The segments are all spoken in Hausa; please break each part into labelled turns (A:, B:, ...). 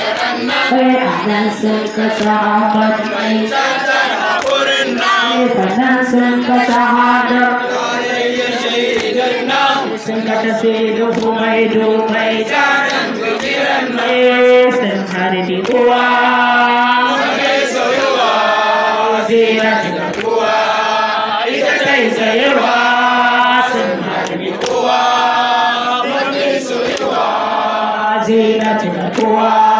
A: تتمنى فنفس تتعاطف ليس سرح قرنا فنفس تتعاطف لأي شيء جنة سنك تسيد حميد ميتانا كثيرا استنهار بقوة وكيس يوى وزينة القوى إذا كيس يوى استنهار بقوة وكيس يوى زينة القوى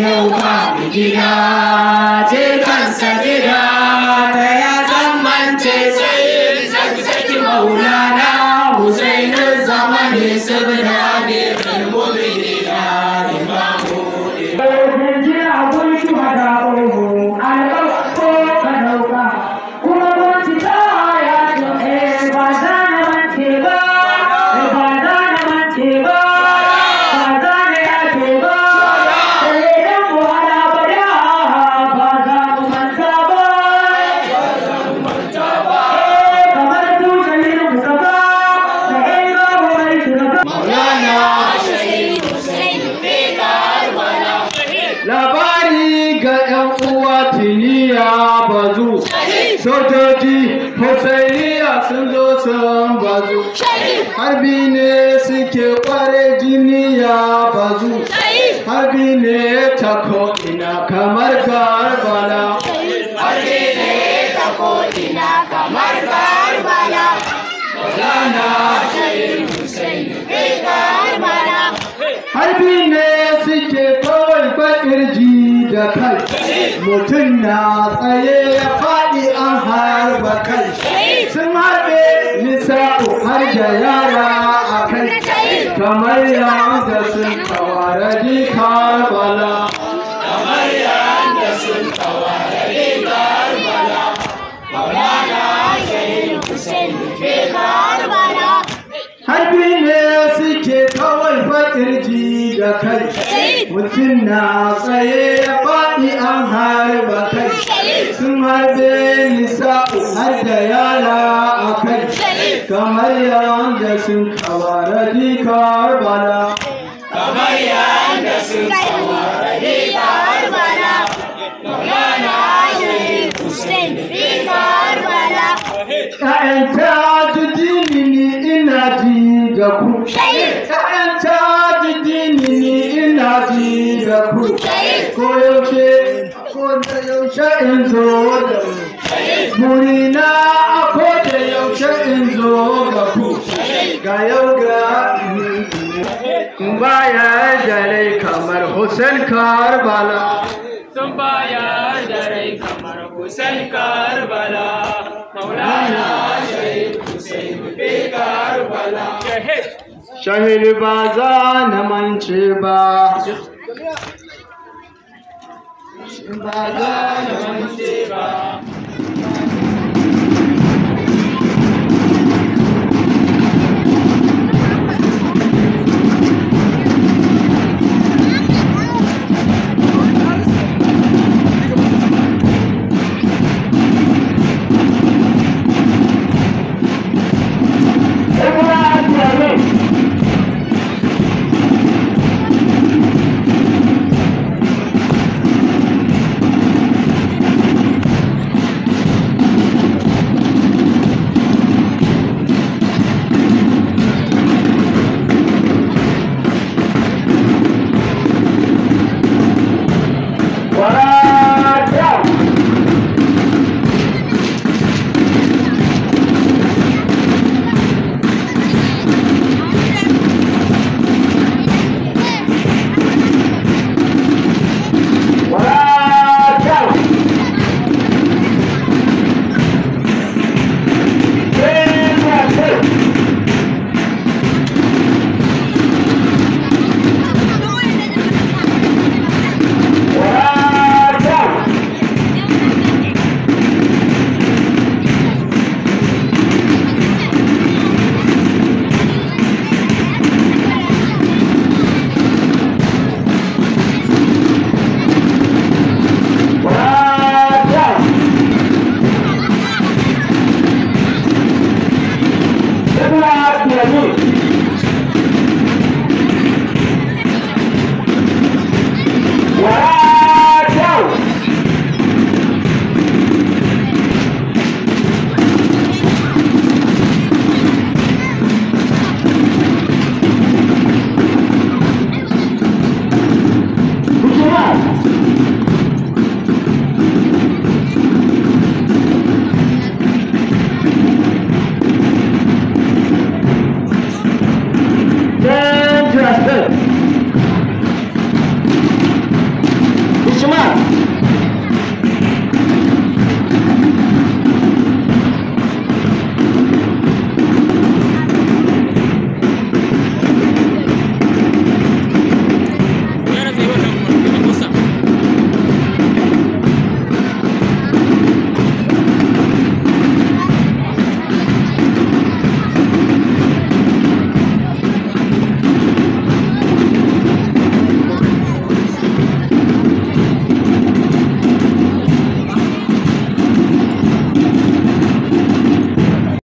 A: i zaman ni sevda bir mumini. bazu sojoji husainiya sun zo sun bazu harbi ne suke kware jini ya bazu harbi ne ta ko'ina kamar karbala harbi ne ta ko'ina kamar karbala Maulana Shehu Hussein ne karbala harbi ne suke kawai fakirji da kai mutum na tsaye ya faɗi an harba kai sun haɗe nisa'u har da yara a kai kamar yadda sun kawara bala kamar yadda sun bala bala harbi ne suke kawai faɗin da kai mutum na tsaye ya faɗi an harba kai sun harbe nisa har da yara a kai kamar yadda sun kawara dikar bana kamar yadda sun kawara dikar bana Maulana Ali Hussein dikar bana
B: Ka'yan ta
A: ji ni ina ji da ku. in zo da muri na a koda yaushe in zo ga ku ga yau ga baya kamar Hussein Karbala sun baya da rai kamar Hussein Karbala Maulana Shahid Hussein Bebe Karbala Shahid ba za na mance Bhagavan Shiva